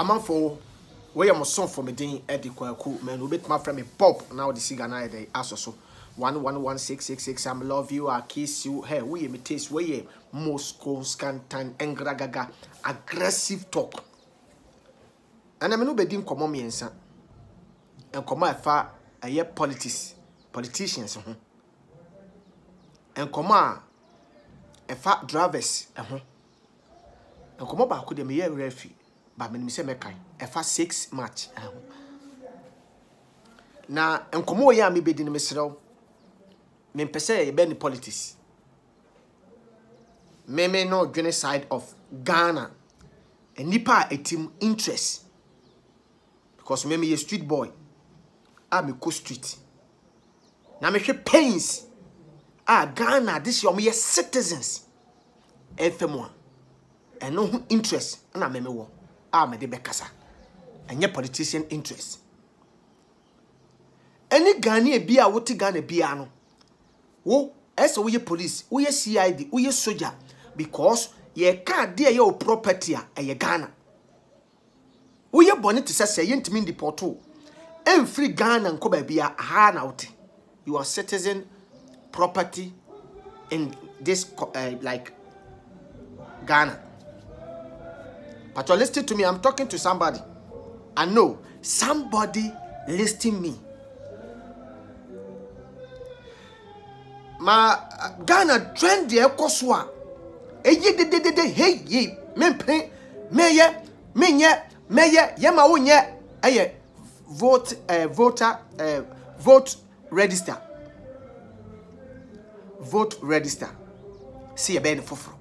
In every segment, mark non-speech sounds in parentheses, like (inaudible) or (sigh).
amanfo wɔyɛ mo sɔnfo mi din ɛdi kwaku mɛnu obetuma fɛ mi pop na ɔde si ghana yɛ aso so one one one six six six i'm love you i kiss you hey wɔyɛ mi taste wɔyɛ most constant ngragaga aggressive talk ɛnna mɛnu bɛ di nkɔmɔ mmiɛnsa nkɔmɔ ɛfa ɛyɛ politics politicians ho nkɔmɔ a ɛfa drivers ɛho nkɔmɔ baako deɛ meyɛ rɛ fi but menim sɛ mɛkae ɛfa six match ho na nkɔmmɔ ɔyɛ a mebɛdi no meserɛ wo mempɛ sɛ yɛbɛ ne politics meme no dwene side of ghana nnipa a ɛtim interest because meme yɛ street boy a mekɔ street na mehwɛ pains a ghana de hyɛ ɔmoyɛ citizens ɛmfɛ mu a ɛno ho interest na meme wɔ a mede bɛkasa ɛnyɛ politician interest ɛne ghanaian bi a wote ghana biara no wo ɛsɛ woyɛ police woyɛ cid woyɛ soja because yɛka adeɛ ɛyɛ wo property a ɛyɛ ghana woyɛ bɔne te sɛ sɛ yɛntumi ndipɔto ɛmfiri ghana nkɔ baabi aha na wote your citizen property in this uh, like ghana But you're listening to me. I'm talking to somebody. I know somebody listening me. ma ghana trend deɛ ɛkɔ so a ɛyɛ dededede hei yei mempe meyɛ menyɛ mɛyɛ yɛ ma wonyɛ ɛyɛ vote ɛɛ uh, eh, voter ɛɛ uh, eh, vote register vote register si yɛ bɛyɛ ne foforɔ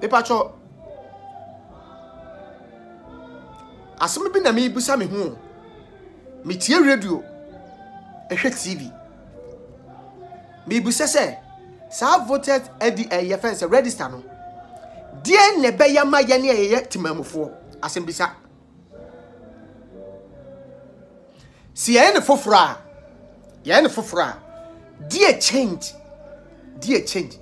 mepatwɔ asɛm bi na mebusa me ho metie radio ɛhwɛ tv mebusa sɛ saa voters ɛdi ɛyɛ fɛn sɛ register no deɛ ne ɛbɛyɛ ama yɛ ne ɛyɛ temamufoɔ asɛm sa. si yɛn ne foforɔ a ne foforɔ a deɛ change deɛ change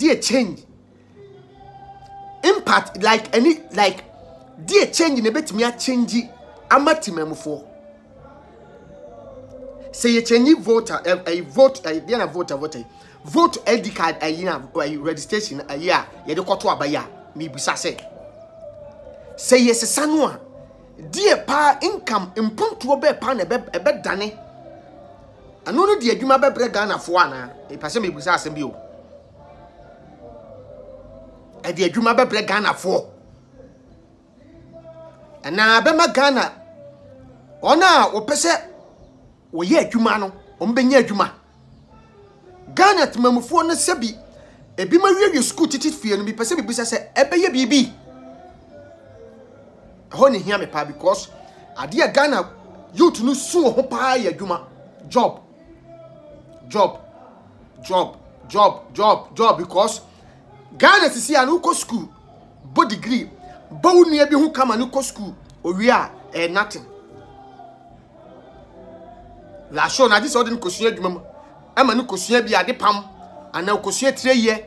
there change impact like any like there change na ebetumi achange ama tìmẹ̀mufoɔ sɛ yɛkyɛnyi voter ɛyi eh, eh, vote ɛyi eh, deɛ na voter voter yi vote id card ɛyi na ɛyi registration ɛyi a yɛde kɔtɔ abayi a mibisa sɛ sɛ yɛsesa no a deɛ paa income mpuntuo bɛɛ paa na ɛbɛ ɛbɛdane ɛno no deɛ adwuma bɛbrɛ ghanafoɔ anaa epɛ sɛ mibisa asɛm bi o ɛde adwuma bɛbrɛ ghanafoɔ ɛnaa bɛma ghana wɔn a wɔpɛ sɛ wɔyɛ adwuma no wɔn bɛnya adwuma ghana temamufoɔ no sɛbi ebi ma wiewie sukuu titi fie no bi pɛ sɛ bibi sɛ sɛ ɛbɛyɛ biribi ɛhɔ ne hia me paa because adeɛ ghana youth no sun wɔn ho paa yɛ adwuma job job job job job job because ghana sisi a n'okɔ sukuu bɔ digiri bɔ wo nua bi ho kama n'okɔ sukuu owie a ɛyɛ nothing lahyɛ na adi sɛ ɔde no kosua adwuma mu ɛma no kosua bi ade pam anaa kosua tire yɛ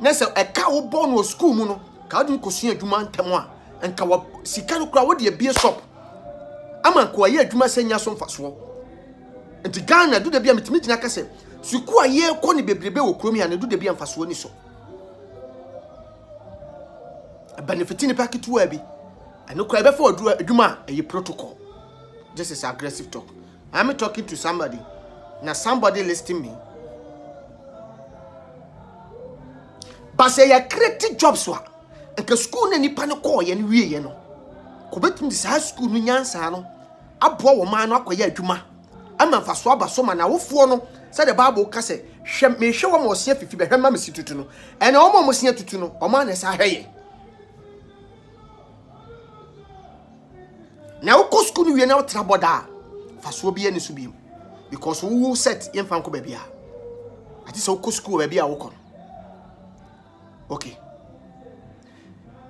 na sɛ ɛka wo bɔ no wɔ sukuu mu no ka ɔde no kosua adwuma ntɛm a nka wɔ sika no kora wɔde ebie shop ama nka wɔyɛ adwuma sɛ nya so mfasoɔ nti ghana do da bi a mitumi gyina ka sɛ sukuu a yɛrekɔ ne bebrebe wɔ kurom yi a ne do da bi a mfasoɔ ni so benefit nipa ketewa bi ɛno kora ɛbɛfa ɔduru adwuma a ɛyɛ protocol this is aggressive talk i'm talking to somebody na somebody lis ten me but sɛ yɛ create jobs a nka school na nipa no kɔɔyɛ no wieɛ no kɔbɛtumi de saa school no nyansaa no aboa wɔn maa no akɔyɛ adwuma ama nfa so aba so ma na awofoɔ no sɛdeɛ baabo ka sɛ hwɛ mehwɛ wɔn a wɔsia fifi bɛhwɛ mma me si tutu no ɛna wɔn a wɔsia tutu no wɔn a na ɛsa ahwɛ yɛ. na wokɔ sukuu no wie na wotena bɔda a fasoɔ bi ani so bi mu because wowo set yɛmfa nkɔ baabi a ate sɛ wokɔ sukuu wɔ baabi a wokɔ no okay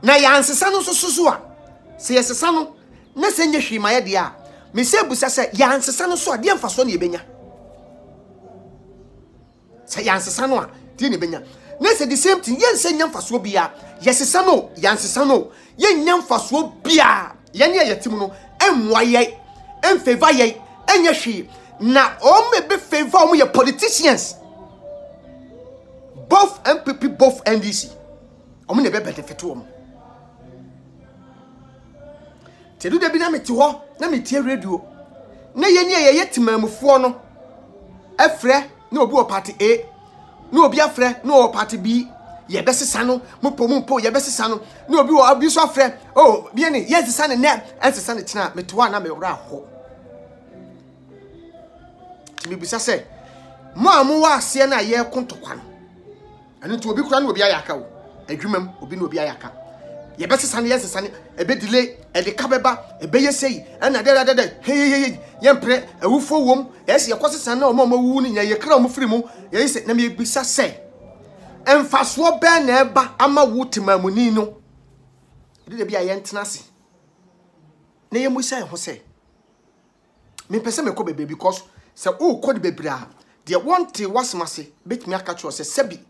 na yɛansesa no nso soso a sɛ yɛsesa no na sɛ nyɛ hwee ma yɛ deɛ a mesɛ busa sɛ yɛansesa no so a deɛ mfasoɔ ne yɛbɛnya sɛ yɛansesa no a deɛ ne yɛbɛnya na sɛ the same thing yɛnsɛ nya mfasoɔ biara yɛsesa no yɛansesa no yɛnnya mfasoɔ biara yɛn yɛ yɛtim no ɛnwa yɛ ɛnfeva yɛ ɛnyɛ hwee na wɔn ebe feva wɔn yɛ politicians both npp both ndc wɔn na ɛbɛ benefit wɔn tẹdu dẹbi na mi ti hɔ na mi tie radio na yɛn ni a yɛyɛ temamufoɔ no ɛfrɛ na obi wɔ party a na obi afrɛ na ɔwɔ party b yɛbɛsesa no mpo mpo yɛbɛsesa no ne obi wɔ obi so afrɛ o oh, bie ne yɛnsesa ne nɛ ɛnsesa ne tena metoa na mewerɛ ahɔ nti mebisa sɛ mo a mowɔ aseɛ no a yɛreko ntɔkwa no ɛno nti obi kora ne obi ayɛ aka o adwuma mu obi ne obi ayɛ aka yɛbɛsesa no yɛsesa no ɛbɛdile ɛde ka bɛba ɛbɛyɛ sɛyi ɛna dɛdɛdɛdɛ heyeyeye yɛmprɛ awufoɔ wom ɛsɛ yɛkɔ sesa no a ɔma ɔma wuwu no nyina yɛkra ɔmo firi mu yɛyɛ sɛ na mebisa sɛ mfasoɔ bɛn na ɛba ama wo temamuni no ɛde da bi a yɛntena ase na yɛmmisa yɛ ho sɛ mepɛ sɛ mekɔ bebree because sɛ worekɔ de bebree a deɛ wɔnte wasoma se bɛtumi aka kyerɛ sɛ sɛbi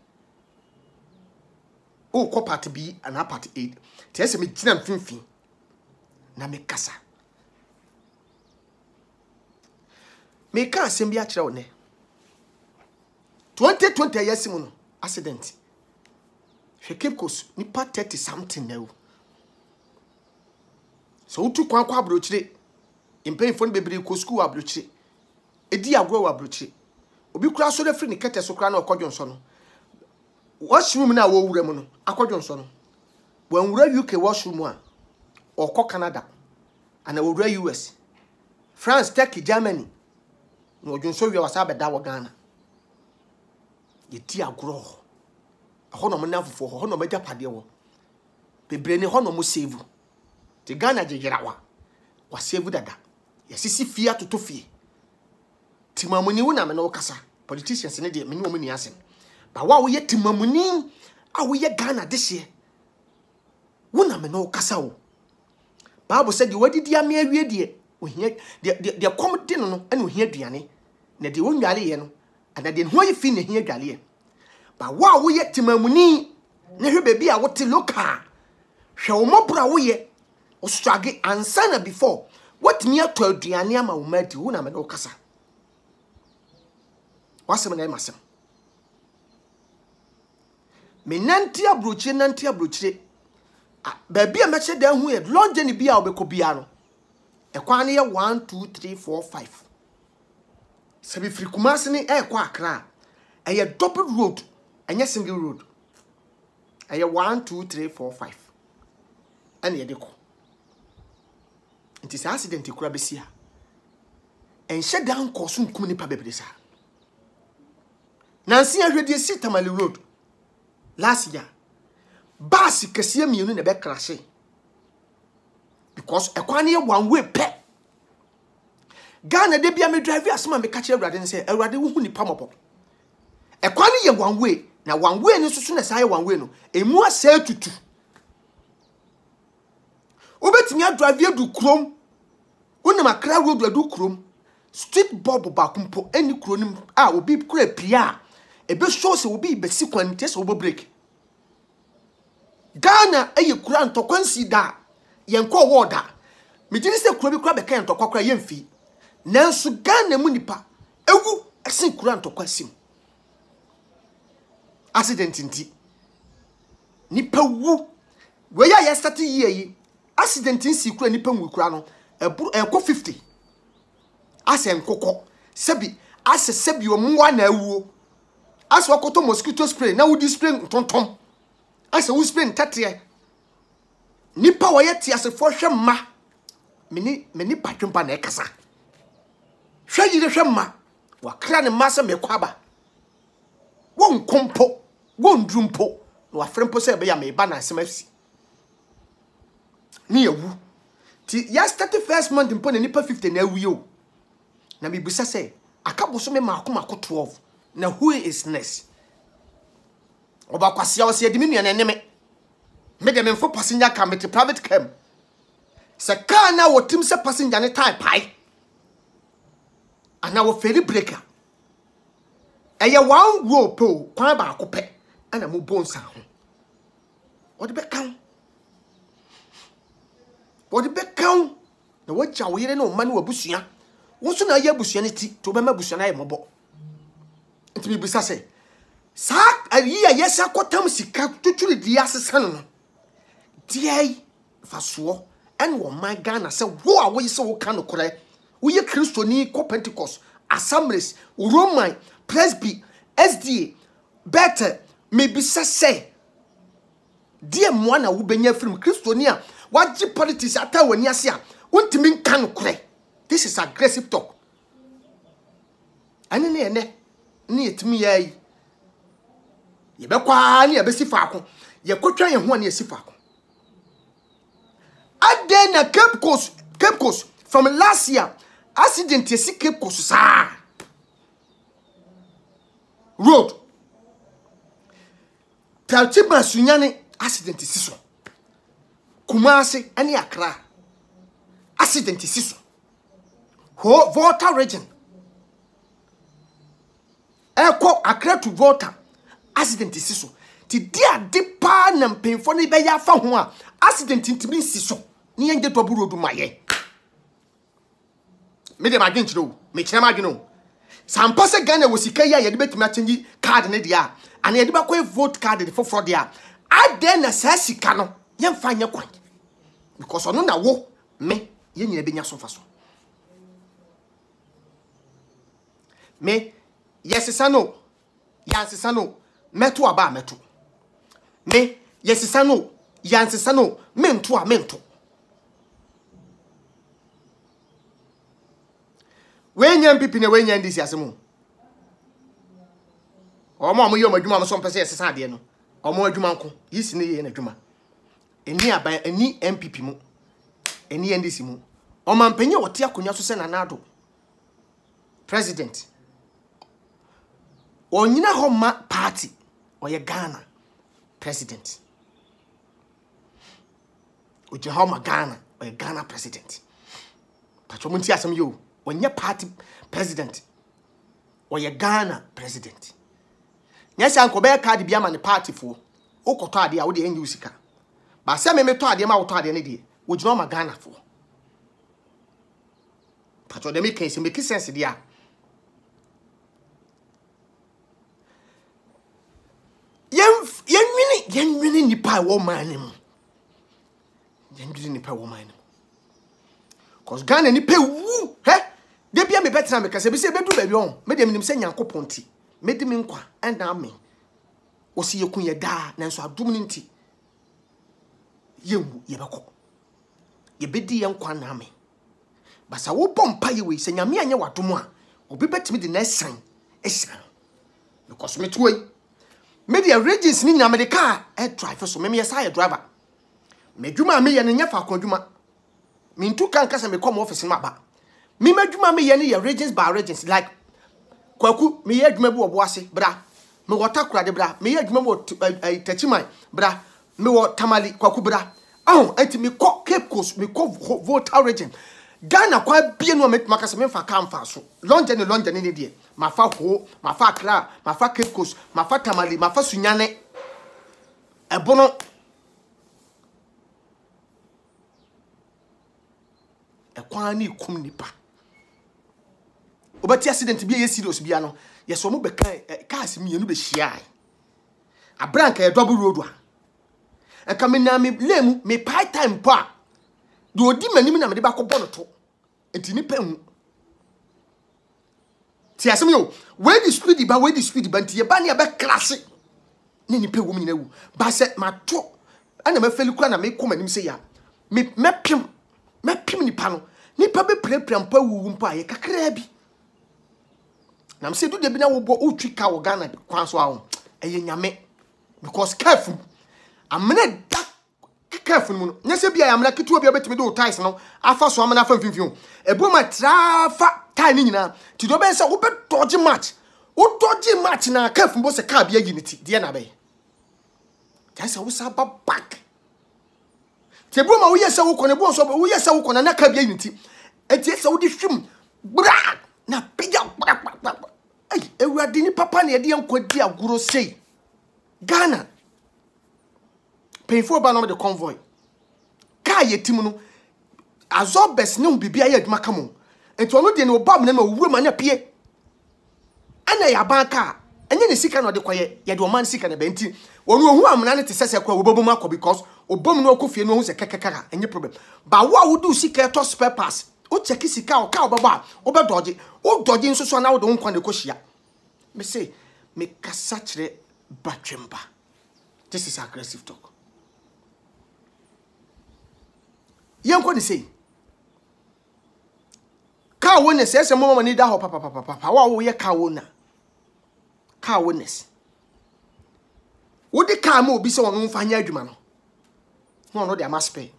worekɔ part b anaa part eight tiɛ sɛ megyina mfimfini na mekasa meka asɛm bi akyerɛ wo nɛ Twenty a yɛasi mu no accident hwɛ cape coast nipa thirty something na ewu sɛ wotu kwan kɔ aburokyire mpanyinfoɔ no bebree kɔ sukuu wɔ aburokyire edi agorɔ wɔ aburokyire obi kura asɔre firi ne kɛtɛ so kura na ɔkɔdwo nsɔ no washroom na wɔwura mu no akɔdwo nsɔ no wɔnwura uk washroom a ɔkɔ canada ana wɔwura us france turkey germany na ɔdwo nsɔ wia wasa abɛda wɔ ghana yɛdi agorɔ hɔ hɔnom ne afoforɔ hɔ hɔnom agyapadeɛ wɔ bebree ne hɔnom save te ghana gyegyera wa wasave dada yɛsisi fie atoto fie timamuni wo na me na wokasa politicians ne deɛ mene wɔ mu ni asɛm ba wo a woyɛ timamuni a woyɛ ghana dehyeɛ wo na me na wokasa wo baabu sɛ deɛ wadidi ame awie deɛ ohia deɛ deɛ kɔm de no no ɛna ohia aduane na deɛ wɔnwale yɛ no anadeɛ ne ho ayi fi ne hia dwaleɛ ba wo a woyɛ temamuni ne hwɛ baabi a wote loka hwɛ wo mmɔborɔ a woyɛ wosotrage ansa na before woatumi atɔ aduane ama wo ma adi wo na mede wo kasa wasɛm na ɛma sɛm menante aburokyire nante aburokyire baabi a mɛkyɛ dan hu yɛ lɔngyɛ ne bi a wobɛkɔ biara no ɛkwan no yɛ 1 2 3 4 5 sɛ bɛfiri kumase ne ɛrekɔ akra ɛyɛ double road ɛnyɛ single road ɛyɛ one two three four five ɛna yɛde kɔ nti saa accident kura bɛsi a ɛnhyɛ dan nkɔ so nkum nipa bebree saa nansi ahwɛdeɛ si tamale road last year baasi kɛseɛ mmienu na ɛbɛkrahye because ɛkwan no yɛ one way pɛ ghana de bia me drive asɛm me meka kyerɛ awurade no sɛ awurade wohu nipa mmɔbɔ ɛkwan no yɛ one way na one way no nso so na saa one way no emu asɛe tutu wobɛtumi adrive adu kurom wonam akra road adu kurom street bulb baako mpo ɛni kuro no mu a obi kura pia a ebe show sɛ obi bɛsi kwan te sɛ ɔbɔ break ghana ɛyɛ kura ntɔkwa nsi da yɛn kɔ wɔɔda me ne se kuro bi kura bɛka yɛn ntɔkwa yemfi nanso ghana mu nipa ewu ɛsen kura ntɔkwa si mu accident nti nipa wu wei a yɛstate yie yi accident nsi kura nipa nwi kura no ɛburu ɛkɔ fifty asɛ nkokɔ sɛbi asɛ sɛbi ɔmoa na awuo asɛ wakɔtɔ mosquito spray na wodi spray ntontɔn asɛ wo spray ntɛteɛ nipa wɔyɛ te asefoɔ hwɛ mma mene mene patwempa na ɛkasa hwɛ yire hwɛ mma wakra ne mma sɛ mekɔ aba wɔnko mpo wɔnduru mpo na wafere mpo sɛ ɛbɛyɛ meba na asɛm asi ne yɛwu nti yɛas 31 st month mpo na nnipa 50 na awie o na mebisa sɛ aka bosome maako maako 12 na who is next ɔbakwasia wɔ sɛ yɛde me nua na ɛne me mede memfo passenger car mete private cam sɛ car no a wɔtim sɛ passenger ne tae pae anaa wɔfɛli breka ɛyɛ one row pe o kwan baako pɛ ɛna mo bɔ nsa ho wɔde bɛka ho wɔde bɛka ho na wɔagya wo yere ne wo ma ne w'abusua wo nso na ayɛ abusua no ti nti wobɛma abusua no ayɛ mmɔbɔ nti mibisa sɛ saa ayi a yɛsa kɔtam sika tuturi deɛ asesa no no deɛ yi fasoɔ ɛne wɔn man ghana sɛ wo a woyɛ sɛ woka nokorɛ woyɛ kristoni kɔ pentecost assemblies roman presby sda bɛtɛ mebisa sɛ deɛ mmoa na wobɛnya firim kristoni a wagye politics ata w'ani ase a wontumi nka nokorɛ this is aggressive talk ɛne ne ɛnɛ ne yɛtumi yɛ yi yɛbɛkɔ ara ne yɛbɛsi faako yɛkɔtwa yɛn ho a ne yɛsi faako adɛn na cape coast cape coast from last year accident esi cape kɔ so saa road tàlchima sunyane accident si so kumase ɛne akra accident si so hɔ volta region ɛkɔ akra to volta accident si so ti di ade paa na mpanyinfoɔ no bɛyɛ afa ho a accident ntumi nsi so ne yɛn gye double road ma me de m'adwen kyerɛ o mekyerɛ m'adwene o sɛ ampa sɛ ghana wɔ sika yi a yɛde bɛtumi akyɛngye card ne deɛ a anaa yɛde bɛkɔyɛ vote card de foforɔ deɛ a adɛn na saa sika no yɛmfa nyɛ kwan because ɔno na wo me yɛn nyinaa bɛnya so fa so me yɛsesa no yɛansesa no mɛto aba a mɛto me yɛsesa no yɛansesa no mento a mento wenya npp na wenya ndc asɛm ɔmo a ɔmo yɛ ɔmo adwuma ɔmo so mpɛ sɛ yɛsesa adeɛ no ɔmo adwuma nko yisi ne yɛ n'adwuma ɛni aban ɛni npp mu ɛni ndc mu ɔmanpanyin a wɔte akonnwa so sɛ nanado president ɔnyina hɔ ma party ɔyɛ ghana president ogyina hɔ ma ghana ɔyɛ ghana president patwɔmo nti asɛm yɛ o ɔnyɛ party president ɔyɛ ghana president nyɛ sɛ nkɔbɛyɛ card bi ama ne partyfoɔ wokɔtɔ adeɛ a wode ɛnyɛ wo sika ba sɛ memetɔ adeɛ ma wotɔ adeɛ no deɛ wogyina ma ghanafoɔ patɔ dɛ meka sɛ meki sense deɛ a yɛnwene yɛnwene nnipa a ɛwɔ ɔman no mu yɛndwene nnipa a ɛwɔ ɔman no mu cause ghana nipa ewu hɛ de bia mebɛtena mekasa bi sɛ ɛbɛdu baabi ɔ mede menim sɛ nyankopɔn nti mede me nkwa ɛna me ɔsi yɛku yɛ daa nanso adom no nti yɛwu yɛbɛkɔ yɛbɛdi yɛ nkwa na me basa wobɔ mpa yɛ wei sɛ nyame anyɛ w'adom a obi bɛtumi de n'asan asan because meto yi mede arrangements ne nyinaa mede kaa ɛdrive so memeyɛ saa yɛ driver medwuma a meyɛ no nyɛ faako adwuma mentu ka nka sɛ mekɔ ma office no aba me madwuma mi yɛ ne yɛ regions by regions like kwaku mi yɛ adwuma bi wɔ boase bra me wɔ takorade bra me yɛ adwuma bi wɔ eh, eh, bra me wɔ tamale kwaku bra ɔn eti mi kɔ cape coast mi kɔ volta region ghana kwan bie no a mɛtuma kasa mɛmfa ka mfa so lɔnjɛ ni lɔnjɛ ne ne deɛ mafa hoo mafa akra mafa cape coast mafa tamale mafa sunyane ɛbono ɛkwan ne ekum nipa obɛti accident bi a ɛyɛ serious bia no yɛsɛ ɔmo bɛka eh, cars mmienu bɛhyia abranka yɛ double road a nka e menam mi lane mu mi mepae time po a deɛ ɔdi m'anim na mi mede bakɔbɔ no to nti nipa mu ti asɛm yi o wɔadi speed ba wɔadi speed ba nti yɛba ne yɛbɛklase ne nipa wɔ mu nyina wu ba sɛ mato ɛna mɛfɛli kura na mekɔ m'anim sɛ yɛ a mɛpem mɛpem nipa no nipa bɛpirapira mpo awuwu mpo a yɛ kakraa bi nam sɛ dudeɛ bi na wobɔ wotwi ka wɔ ghana kwan so a wo ɛyɛ nyame because careful amena da careful mu no nyɛ sɛ bia amena ketewa bia wobɛtumi de wo ties no afa so amena afa mfimfini o ɛbom a traa fa tie no nyinaa nti deɛ wobɛyɛ sɛ wobɛdɔgye match wodɔgye match na careful mbo sɛ car bia yi ne ti deɛ na bɛyɛ gyae sɛ wosa ba back nti ɛbom a woyɛ sɛ wokɔ no ɛbom sɛ woyɛ sɛ wokɔ no na car bia yi ne ti ɛti sɛ wode hwim gbraa na pagya gbagbagbagba awurade ni papa na yɛde yɛn nkɔ di agorɔ sei ghana mpanyinfoɔ ba na ɔde convoy kaa yɛ ti mu no azɔbɛs ne ho biribi ayɛ adwuma ka mu nti ɔno deɛ na ɔba mu na ma owura ma na pie ɛna yɛ aban kaa ɛnyɛ ne sika na ɔde kɔyɛ yɛde ɔman sika na bɛn ti ɔno ohun amuna ne te sɛ sɛ kɔ wɔbɛbɔ mu akɔ because ɔbɔ mu na ɔkɔ fie na ɔho sɛ kɛkɛkɛka ɛnyɛ problem baawo a wodu sika ɛtɔ spare pass wokyɛki sika a ɔka wobɛbɔ a wobɛdɔgye wodɔgye nso na anaa wode wo nkwa na ɛkɔhyia me se mekasa kyerɛ batwemba this is aggressive talk yɛnkɔ ne sei car wellness ɛsɛ mo mama ni da hɔ papapapapa wa woyɛ car wellness car wellness wode car ma obi sɛ ɔno mfa nyɛ adwuma no na ɔno de ama spare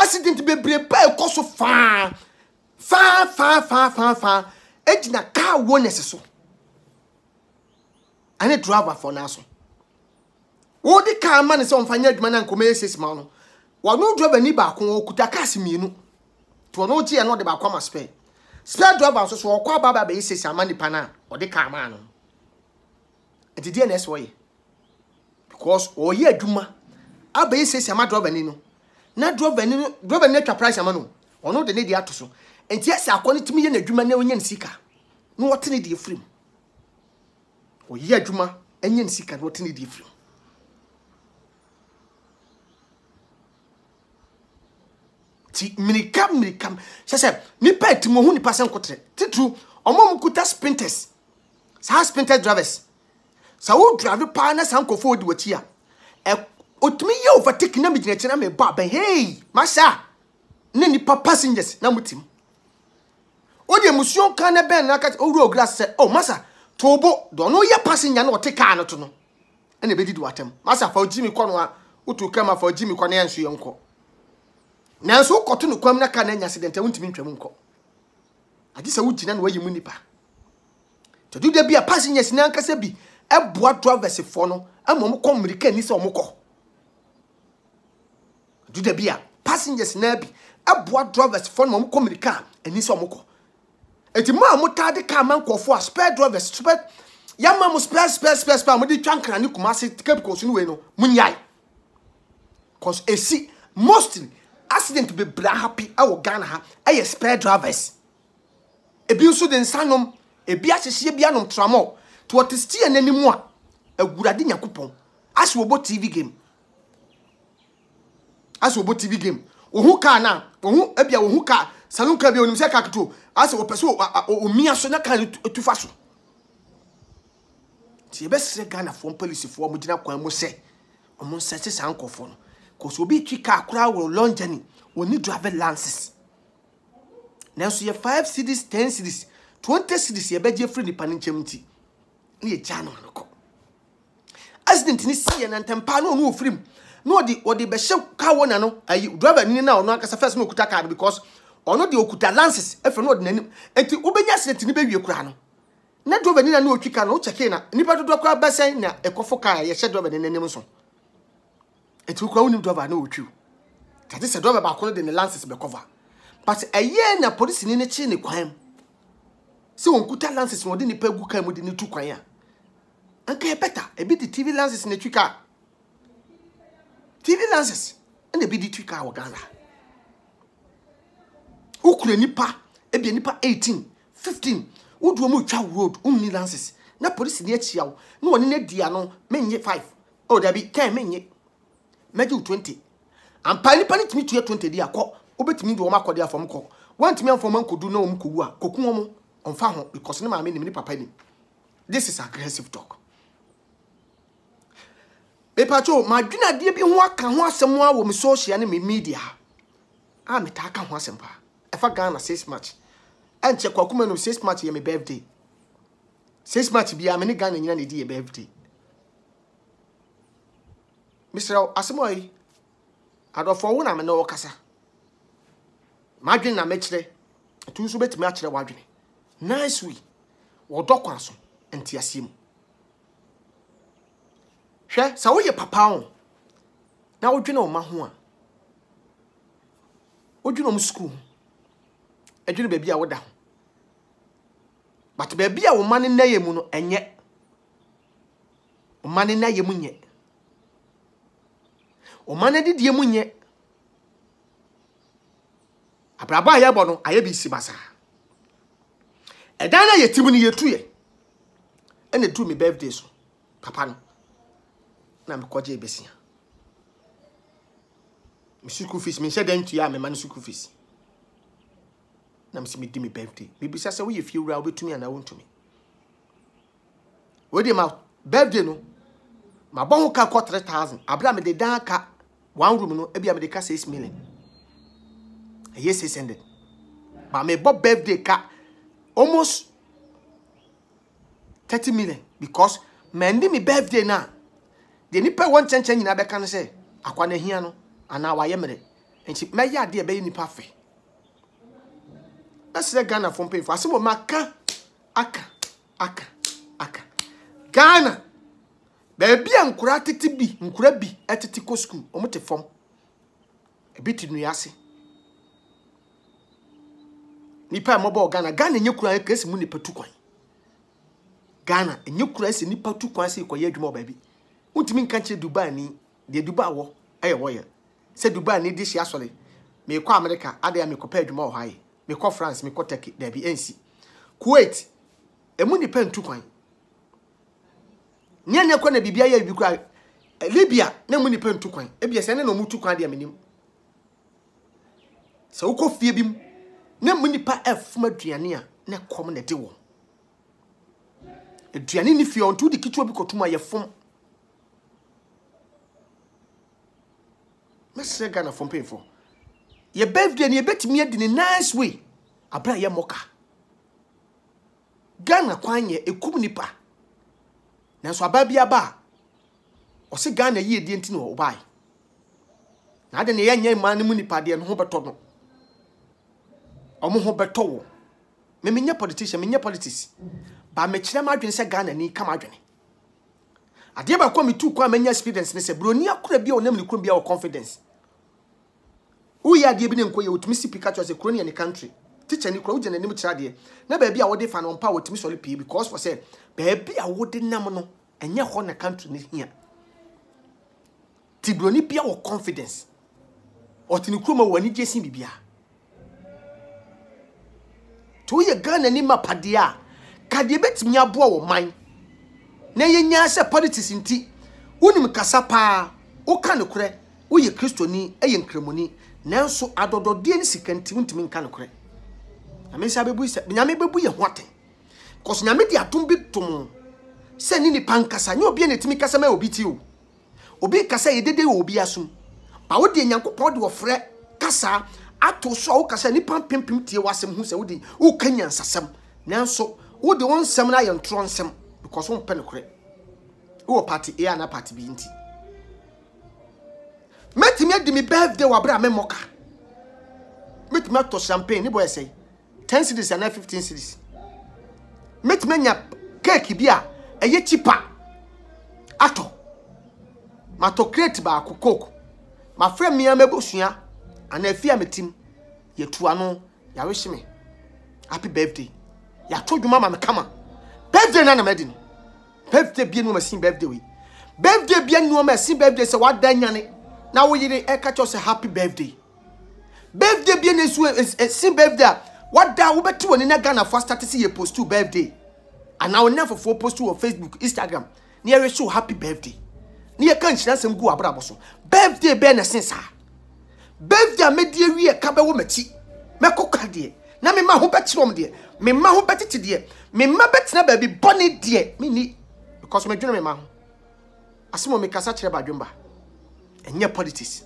accident bebree ba ɛkɔ so faa faa faa faa faa faa egyina car owners so ɛne driver fo n'aso wɔde car ama ne sɛ ɔnfa nyɛ adwuma na nkɔmɔ yɛ six no wɔn driver ni baako ɔkuta cars mmienu tí wɔn n'ogye yɛ no ɔde baako ama spare spare driver nso so ɔkɔ aba aba abɛyɛ six ama nipa na ɔde car ama no nti dns wɔyɛ because ɔyɛ adwuma abɛyɛ six ama driver ni no na drover ni drover ni atwa price ama no ɔno de ne deɛ ato so nti ɛsɛ akɔ ne tumi yɛ n'adwuma na ɔnyɛ ne sika na wɔte ne deɛ mu ɔyɛ adwuma ɛnyɛ ne na wɔte ne deɛ firim ti mirika mirika sɛsɛ nipa etimo ho nipa sɛ nkotere titiri ɔmo mu kuta sprinters saa sprinters drivers saa o drive paa na saa nkɔfo odi wɔ akyi a ɛkɔ otumi yɛ overtake na megyina akyire na meba abɛn hey masa ne nipa passengers na motim wode musuo kan na bɛn na kata owura ogura sɛ oh masa tobo deɛ ɔno yɛ passenger na ɔte kaa no to no ɛna ɛbɛdidi watam masa fa ogyi mi kɔ no a wotu kama fa ogyi mi kɔ na yɛnso yɛ nkɔ nanso wokɔto no kwam na kaa na anya accident a wontumi ntwam nkɔ agye sɛ wogyina na wayi mu nipa tɔduda bi a passengers na ankasa bi ɛboa drivers foɔ no ama ɔmokɔ mmirika ani sɛ ɔmokɔ juda bi a passengers naa bi ɛboa drivers fɔ na wɔn kɔ mirika a ani sɛ wɔn kɔ eti mu a wɔn taade kaa ma nkɔfo a spare drivers spare yamma mu spare spare spare spare a wɔde twa nkran ne kumase cape coast wei no mu nyae cause esi mostly accident bebree happy ɛwɔ ghana ha ɛyɛ spare drivers ebi nso de nsa nom ebi ahyehyɛ bi anom tramɔ to wɔte steer n'anim a awurade nyakopɔn ahyɛ wɔbɔ tv game asɛ wɔbɔ tv game wɔhu kaa na wɔhu ebia wɔhu kaa salon kaa bi onim sɛ kaa ketewa asɛ wɔpɛ sɛ ɔmia so na kaa no tufa so nti yɛbɛsrɛ ghanafoɔ mpolisifoɔ mo gyina kwan mu sɛ ɔmo nsɛnse saa nkɔfoɔ no kɔsɛ obi twi kaa koraa wɔ long journey wɔne driver lances nanso yɛ five series ten series twenty series yɛbɛgye firi nipa ne nkyɛn ti ne yɛ gya no ano kɔ accident ne si yɛ na ntɛmpa no ɔno wɔ firim na ɔde ɔde bɛhyɛ kaa wɔ na no ayi driver ni na ɔno ankasa first na okuta kaa no because ɔno de okuta lances efiri na ɔde n'anim eti wobɛnya accident ni bɛwie kura no na driver ni na na otwi kaa no ɔkyɛkee na nipa dodoɔ kora bɛsɛn na ɛkɔfo kaa yɛhyɛ driver ni n'anim so eti kura wonim driver na otwi tati sɛ driver baako no de ne lances bɛkɔfa but ɛyɛ na polisi ni ne kye ne kwan mu sɛ wɔnkuta lances na ɔde nipa gu kaa mu de ne tu kwan a anka yɛ ebi de tv lances na etwi tv lenses ɛna ebi de twi kaa wɔ ghana wokura nipa ebi nipa eighteen fifteen wodoɔ mu twa road wonni lenses na polisi ni akyia wo na wɔne ne di ano menye five o oh, dabi ten menye mɛgye wo twenty ampa nipa ne tumi tuya twenty di akɔ wobɛtumi de wɔn akɔ de afɔm kɔ wɔntumi afɔm nkodu na wɔn kowu a koku wɔn ɔnfa ho because ne maame nim ne papa nim this is aggressive talk. mepatwo madwenadeɛ bi ho aka ho asɛm a wɔ me social ne me media a metaa ka ho asɛm paa ɛfa ghana six match ɛnkyɛ kwakoma no six match yɛ me birthday six match biara me ne ghana nyina ne di yɛ birthday mesrɛ asɛm a yi adɔfoɔ wo na me ne wɔkasa madwene na mɛkyerɛ ɛtu nso bɛtumi akyerɛ w'adwene nice way wɔdɔ kwan so nteaseɛ mu hwɛ sɛ woyɛ papa wo na wodwene wo ho a wodwene ɔm sukuu ho adwene baabi a woda ho but baabi a wo ma no nna yɛ mu no ɛnyɛ wo ma no nna yɛ mu nyɛ wo ma no didiɛ mu nyɛ abrabɔ a yɛbɔ no ayɛ bi si basaa ɛdan no a yɛtim no yɛtuyɛ ɛna ɛduru me birthday so papa no na mekɔgye bɛsia me school fees menhyɛ da ntua a mema no school fees na mesɛ medi me birthday mebisa sɛ woyɛ fie wura wobɛtumi anaa wontumi wode ma birthday no mabɔ ho ka kɔ 3000 aberɛ a de dan ka one room no ebia mede ka 6 million ɛyɛ 600 ma mebɔ birthday ka almost 30 million because ndi mi birthday no deɛ nipa wɔ nkyɛnkyɛn nyinaa bɛka no sɛ akwa na ahia no anaa wayɛ mmerɛ nti mɛyɛ adeɛ ɛbɛyɛ nipa fɛ ɛsɛ ghana fo mpanyinfo asɛm ɔmo aka aka aka aka ghana baabi a nkura tete bi nkura bi ɛtete kɔ sukuu ɔmo te fam ebi te nnua ase nipa a mɔbɔ ghana ghana nye kura kɛse mu nipa tu kwan ghana nye kura ɛsɛ nipa tu kwan sɛ ɛkɔyɛ adwuma wɔ baabi. wontumi nka kyerɛ dubai ni deɛ dubai wɔ ɛyɛ wɔyɛ sɛ dubai ni de hyɛ asɔre mekɔ america ade a mekɔpɛ adwuma wɔ ha yi mekɔ france mekɔ turkey daabi ɛnsi kuwait ɛmu nipa ntu kwan nyɛ ne kɔ na Bibi ayɛ biribi kora eh, libya na mu nipa ntu kwan ebi sɛ ne na ɔmu tu kwan deɛ menim sɛ wokɔ fie bi mu na mu nipa ɛfom aduane a na kɔm na ɛde wɔ aduane e ni fie ɔntu de ketewa bi kɔtum a yɛfom mɛsrɛ ghana fo mpanyinfoɔ yɛ birthday no yɛbɛtumi adi ne nice way abira yɛ mɔka ghana kwan yɛ ekum nipa nanso abaa bi aba a ɔsi ghana yie die nti na ɔbaa yi na adi na yɛ nyɛ mmaa no mu nipa deɛ no ho bɛtɔ no ɔmo ho bɛtɔ wɔ mɛmi politician mɛ nyɛ politics baa mɛ kyerɛ mɛ adwene sɛ ghana ni kama adwene adeɛ baako a metu kɔ a experience ne sɛ buroni akora bi a ɔnam ne kurom bi a wɔ confidence woyɛ adeɛ bi ne nkɔyɛ wotumi si pika kyerɛ sɛ kuro ne yɛ ne country teacher ni kura wogyina n'anim kyerɛ adeɛ na baabi a wɔde fa no mpa a wɔtumi sɔre pii because for sɛ baabi a wɔde nam no ɛnyɛ hɔ na country ne hia ti buroni bi a wɔ confidence ɔte ne kurom a wɔ anigye si bibia to woyɛ ghana ni mapadeɛ a kadeɛ bɛtumi aboa wɔ man na yɛnya sɛ politics nti wonim kasa paa woka nokorɛ woyɛ kristoni ɛyɛ nkramoni nanso adɔdɔdeɛ ne sika nti wontumi nka nokorɛ nyame sɛ bɛbu sɛ nyame bɛbu yɛ ho atɛn kɔso nyame de atom bi tom sɛ ne nipa nkasa nyɛ obi ne tumi kasa ma obi ti o obi kasa yɛ dede wɔ obi asom ba wo nyankopɔn de wɔfrɛ kasa ato so a wo kasa nipa mpempem tie w'asɛm ho sɛ wo de wo ka nyansasɛm nanso wo wo nsɛm no ayɛ ntorɔ nsɛm because wọn pɛ nokorɛ wɔ party a na party bi nti mɛtumi adi mi birthday wɔ abira mɛmɔ ka mɛtumi atɔ champagne ne bɔ ɛsɛ ten series anaa fifteen series mɛtumi anya cake bi a ɛyɛ cheaper Ma matɔ crate baako coke mafrɛ mmea mɛbosua anaa efi a mɛtim yɛtu ano yɛarehyɛ me happy birthday yɛato dwuma ma me kama birthday na na mɛdi no birthday bia nneɛma sin birthday wei birthday bia nneɛma sin birthday sɛ wada nyane na woyere ɛka kyɛw sɛ happy birthday birthday bia na esu sin birthday a wada wobɛti wɔ ne na ghana fo asate sɛ yɛ post two birthday anaa wɔn afoforɔ post two wɔ facebook instagram ne yɛrɛ show happy birthday ne yɛ ka nhyira nsɛm gu abrabɔ so birthday bɛɛ na sin saa birthday a mɛdi ewie ka bɛwɔ m'akyi mɛkɔ ka na me ma ho bɛkyerɛ wɔn deɛ me ma ho bɛtete deɛ me ma bɛtena baabi bɔne deɛ me ni because me dwene me ma ho asɛm a mekasa kyerɛ badwemba ɛnyɛ politics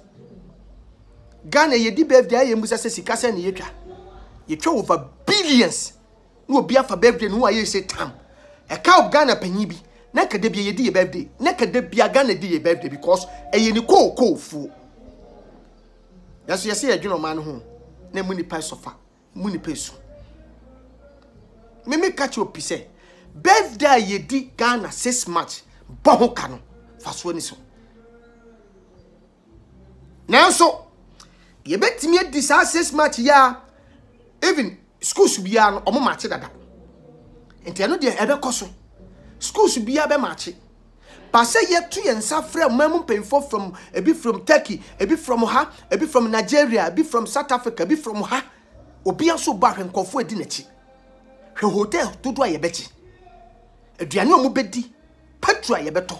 ghana yɛdi birthday ayɛ mu sɛ sɛ sika sɛ ne yɛtwa yɛtwa over billions na obi afa birthday no ayɛ sɛ tam ɛka of ghana panyin bi na kada bia yɛdi yɛ birthday na kada bia ghana di yɛ birthday because ɛyɛ ne kookoofuo yɛso yɛsɛ yɛdwene ɔman no ho na mu nipa sɔfa mu nipa esu mímí kakyɛ opi sɛ birthday a yɛdi ghana six march bɔ ho ka no fasoɔ ni so nanso yɛbɛtumi adi saa six march yi even schools biara no ɔmo maakye dada nti ɛno deɛ ɛbɛkɔ so schools biara bɛmaakye pàṣẹ yẹ tu yẹn nsa frẹ mẹmu mpanyinfo from ebi from turkey ebi from ha ebi from nigeria ebi from south africa ebi from ha obi nso ba hwɛ nkɔfoɔ adi n'akyi hwɛ hotel dodo a yɛbɛkye aduane a wɔbɛdi petrol a yɛbɛtɔ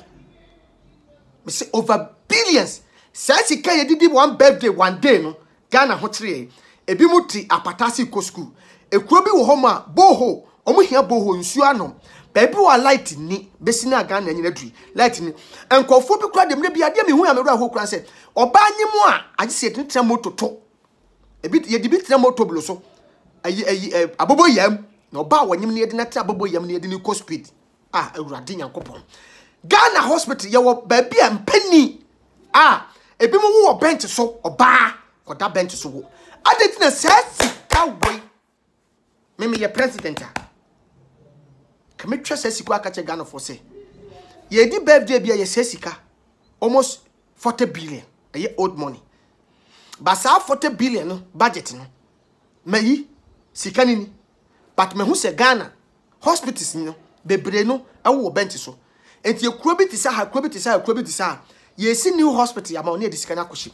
mesi over billions saa sika yɛdidi one birthday one day no ghana ho kyerɛ ebi mu ti apata si kɔ school ekuro bi wɔ hɔ mu a boho wɔn hia boho nsuo anom baabi wɔ light ni besi na ghana nyina dui light ni nkɔfoɔ bi kura dɛm ne bi adeɛ mi hu ya mi wura hɔ kura sɛ ɔbaa nyi mu a agye sɛ yɛtena moto to ebi yɛde bi tena moto bolo so ayi ayi ɛ eh, abobo yam na ɔbaa wɔnyim no yɛde na te abobo yam no yɛde ne kɔ speed a ah, awurade nyankopɔn ghana hospital yɛwɔ baabi a mpani a ah, ebi mu wɔ bench so ɔbaa kɔda bench so wɔ adi ti na saa sika wɔ yi mimi yɛ president a kame twɛ saa sika akakyɛ ghana fo sɛ yɛdi birthday bi a yɛ saa sika almost forty billion ɛyɛ old money ba saa forty billion no budget no mayi sika ni but mehu sɛ ghana hospitals no bebree no ɛwɔ bench so nti ekuro bi te sɛ ha kuro bi te sɛ ha kuro bi te sɛ ha yɛsi new hospital ama ɔne yɛde sika no akɔhyɛ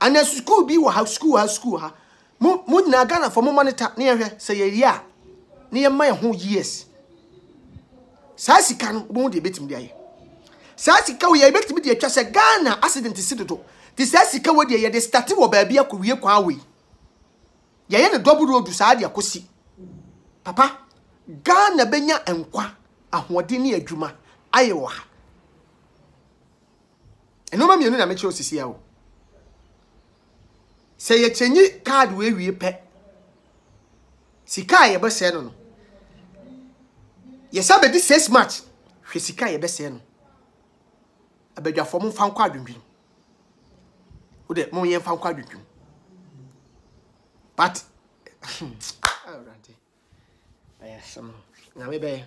ana sukuu bi wɔ ha sukuu ha sukuu ha mo mo nyinaa ghana fɔ mo monitor ne yɛhwɛ sɛ yɛyɛ a ne yɛma yɛn ho years saa sika no wɔn de ebetumi de ayɛ saa sika wo yɛ ebetumi de atwa sɛ ghana accident si dodo te saa sika wo deɛ yɛde starte wɔ baabi akɔwie kwan wei yɛyɛ ne double road saa deɛ kɔsi papa ghana bɛnya nkwa ahoɔden ne adwuma ayɛ wɔ ha nneɛma mmienu na mekyerɛ osisi awo sɛ yɛkyɛnyi kaadi wɔawie pɛ sika a yɛbɛsɛɛ no no yɛsa bɛdi six match hwɛ sika a yɛbɛsɛɛ no abadwafoɔ mo mfa nkɔ adwendwen wode ma yɛmfa nkɔ adwodwum but nyame (laughs) bɛyɛ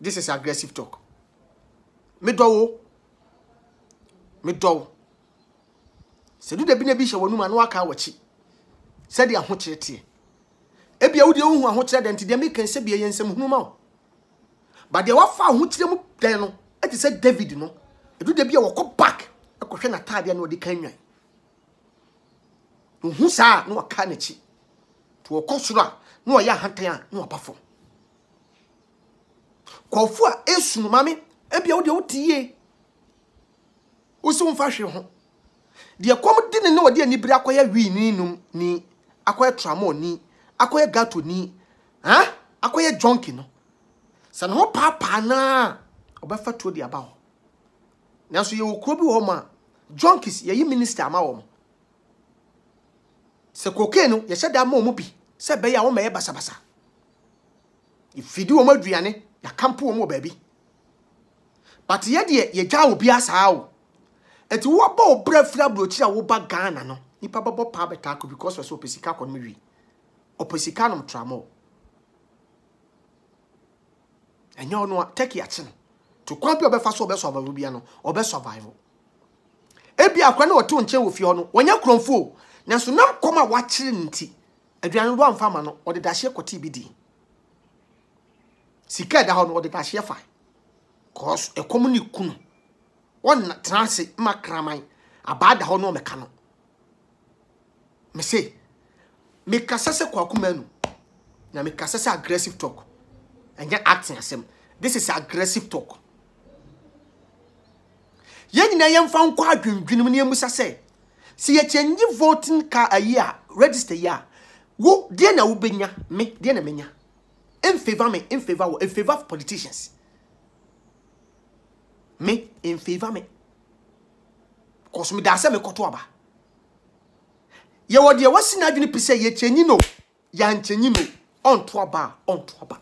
this is aggressive talk medɔ wo medɔ wo sɛ duda bi na bi hyɛ w'anum a na waka wɔkyi sɛdeɛ ahokyerɛ teɛ ebia wodeɛ wohu ahokyerɛ dɛ nti deɛ meka sɛ bia yɛ nsɛm hunuma o ba deɛ wafa ahokyerɛ mu dɛn no ɛte sɛ david no ɛduda bi a wɔkɔ back ɛkɔhwɛ n'ataadeɛ na wɔde ka nwan hu saa na wɔka n'akyi nti wɔkɔ soro a na wɔyɛ ahantan a na wɔba fam kɔɔfo a esunu maame ebia wodeɛ wote yie wosi womfa hwee ho deɛ kɔm di ne ne wɔde anibere akɔyɛ wiini nom ni akɔyɛ tramɔ ni akɔyɛ gato ni ha akɔyɛ jɔnki no sɛ ne ho paapaa naa ɔbɛfa tuo de aba hɔ nanso yɛwɔ kuro bi wɔ hɔ ma jɔnkis yɛyi minista ama wɔn sɛ cocaine no yɛhyɛ da ma mu bi sɛ ɛbɛyɛ a wɔn mɛyɛ basabasa fidi wɔn aduane yɛakampo wɔn wɔ baabi but yɛ deɛ yɛgya obi asaa o ɛti wɔbɔ ɔbrɛ firi aburokyiri a wɔba ghana no nipa bɛbɔ paa bɛta akɔ because wɔsɛ ɔpɛ sika akɔ no mu wie ɔpɛ sika nom tramɔ ɛnyɛ ɔno a tɛki akyi no to kwan bi a ɔbɛfa so ɔbɛ survive bia no ɔbɛ survive ebi akora na ɔte nkyɛn wɔ fie hɔ no wɔnyɛ kurɔmfoɔ nanso nam kɔm a wakyere ne nti aduane no amfa ma no ɔde dahyeɛ kɔtee bi di sika ɛda hɔ no ɔde dahyeɛ fa kɔɔso ɛkɔm ne kunu wɔn tena ase ma kraman abaa da hɔ no ɔmɛka no mese mekasa sɛ kwaku manu na mekasa sɛ aggressive talk ɛnyɛ acting asɛm this is aggressive talk yɛn nyinaa yɛmfa nkɔ adwendwenem na yɛmmusa sɛ Si sɛ yɛkyɛnyi voting ka ayi a register yi a wo deɛ na wobɛnya me deɛ na menya in favour me in favour wo in favour of politicians me in favour me kɔsɔ mi da asɛ mi kɔtɔ aba yɛwɔ deɛ wasi n'adwene pi sɛ yɛkyɛnyi no yɛnkyɛnyi no ɔnto aba ɔnto aba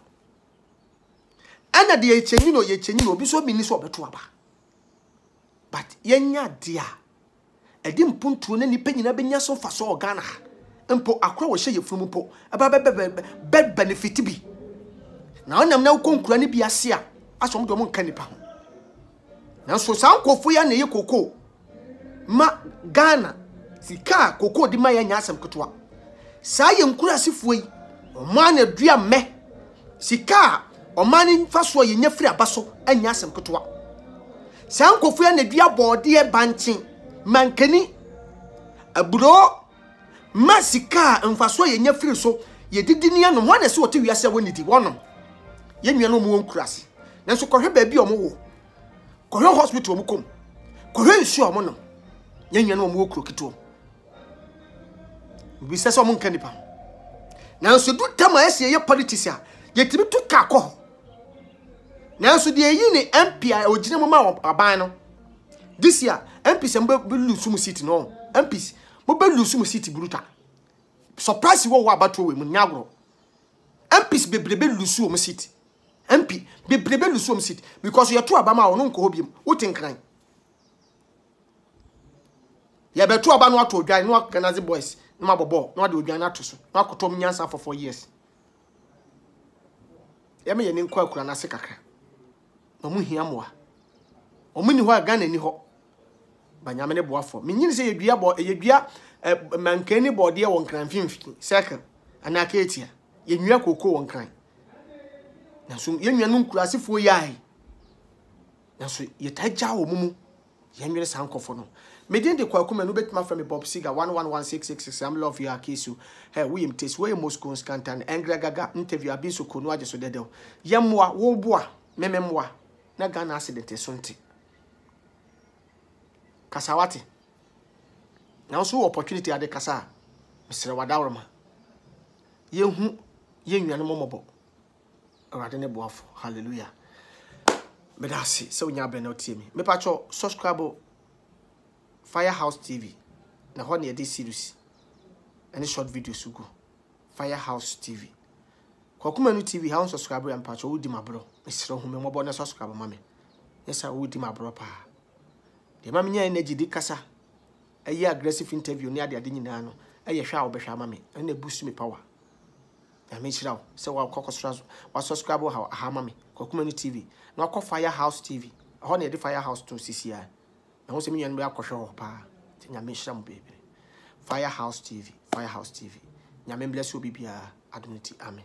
ɛna deɛ yɛkyɛnyi no yɛkyɛnyi no obi nso mi ni sɛ ɔbɛto aba but yɛnya deɛ a ɛde mpontuo ne nipa nyinaa bɛnya so mfa so wɔ ghana mpo akora wɔhyɛ yɛ funu mpo ɛba bɛ bɛ bɛ benefit bi na ɔnam na wokɔ nkura ne bi ase a asɔ ɔmo de ɔmo nka nipa ho nanso saa nkɔfo yi na ɛyɛ koko ma ghana sika a koko de ma yɛ nya asɛm ketewa saa yɛ nkura asefoɔ yi ɔmaa na dua mɛ sika a ɔmaa ne nfa soɔ yɛ nya firi aba so ɛnya asɛm ketewa saa nkɔfo yi na dua bɔɔdeɛ bankyen mankani aburoo ma sika a mfasoɔ yɛ nya firi so yɛdidi ne yɛnom hɔ na ɛsɛ wɔte wiase wɔnidi wɔnom yɛn no mu wɔn ase nanso kɔhwɛ baabi a wɔn kɔhwɛ hospital wɔn kɔm kɔhwɛ nsuo a wɔn nom yɛn nua no wɔn wɔ kuro ketewa obi sɛ sɛ wɔn nka nipa nanso du tam a ɛsɛ yɛ politics a yɛtumi to kaa kɔ nanso deɛ eyi ne mp a ogyina mu ma aban no this year mps mbɛlusu mu seat no mps mobɛlusu mu seat buruta surprise wɔ wɔ abatoɔ wɔ mu nyɛ agorɔ mps bebree bɛlusu wɔn seat mp bebree bɛlusu wɔn seat because yɛto abama a ɔno nkɔ hɔ biam wote nkran yɛbɛto aba no ato odwan no akanadze boys no abɔ bɔɔl no ade odwan no ato so no akɔtɔ mu nyansa for four years yɛmɛ yɛ ne nkɔ akura n'ase kakra na ɔmo hia mmoa ɔmo ni hɔ a ghana ni hɔ banyame ne boafoɔ menyini sɛ yɛdua bɔ yɛdua eh, mankani bɔɔdeɛ wɔ nkran mfimfini circle anaa keetia yɛnwia koko wɔ na nanso yɛnwia no nkurasefoɔ yɛae nanso yɛtagya wɔ mu mu yɛnwere saa nkɔfoɔ no medin de kwakuma no wobɛtumi afrɛ me bob siga 111666 am love your case o hey, woyim tas woyɛ mosco scantan angry gaga interview abi so kono agye so dɛdɛw yɛmmoa woboa na ghana accident so nte kasawate nanso wɔ opportunity ade kasa a mesrɛ wadaworo ma yɛhu yɛn nnuane mmɔmmɔbɔ awurade ne Hallelujah. halleluya meda ase sɛ wonya abrɛ na wotie me mepakyɛ subscribe firehouse tv na hɔ ne yɛde series ɛne short videos gu firehouse tv kwakoma no tv ha wo subscribe yɛ mpakyɛ wodi maborɔ mesrɛ hu me mmɔbɔ ne subscribe ma me yɛ sɛ wodi maborɔ paa deɛ ma menyɛ energy di kasa ɛyɛ aggressive interview ne adeade nyinaa no ɛyɛ hwɛ a wobɛhwɛ ama me ɛna ɛbusu me power nyame hyira wo sɛ wakɔkɔ wasubscribe ha aha ma me kɔkuma no tv na wakɔ firehouse tv ɛhɔ na yɛde firehouse to sisiaa ɛho sɛ menyɛ no bɛakɔhwɛ hɔ paa nti nyame hyira mo bebree firehouse tv firehouse tv nyame mblɛ sɛ obi biara adom no ti amen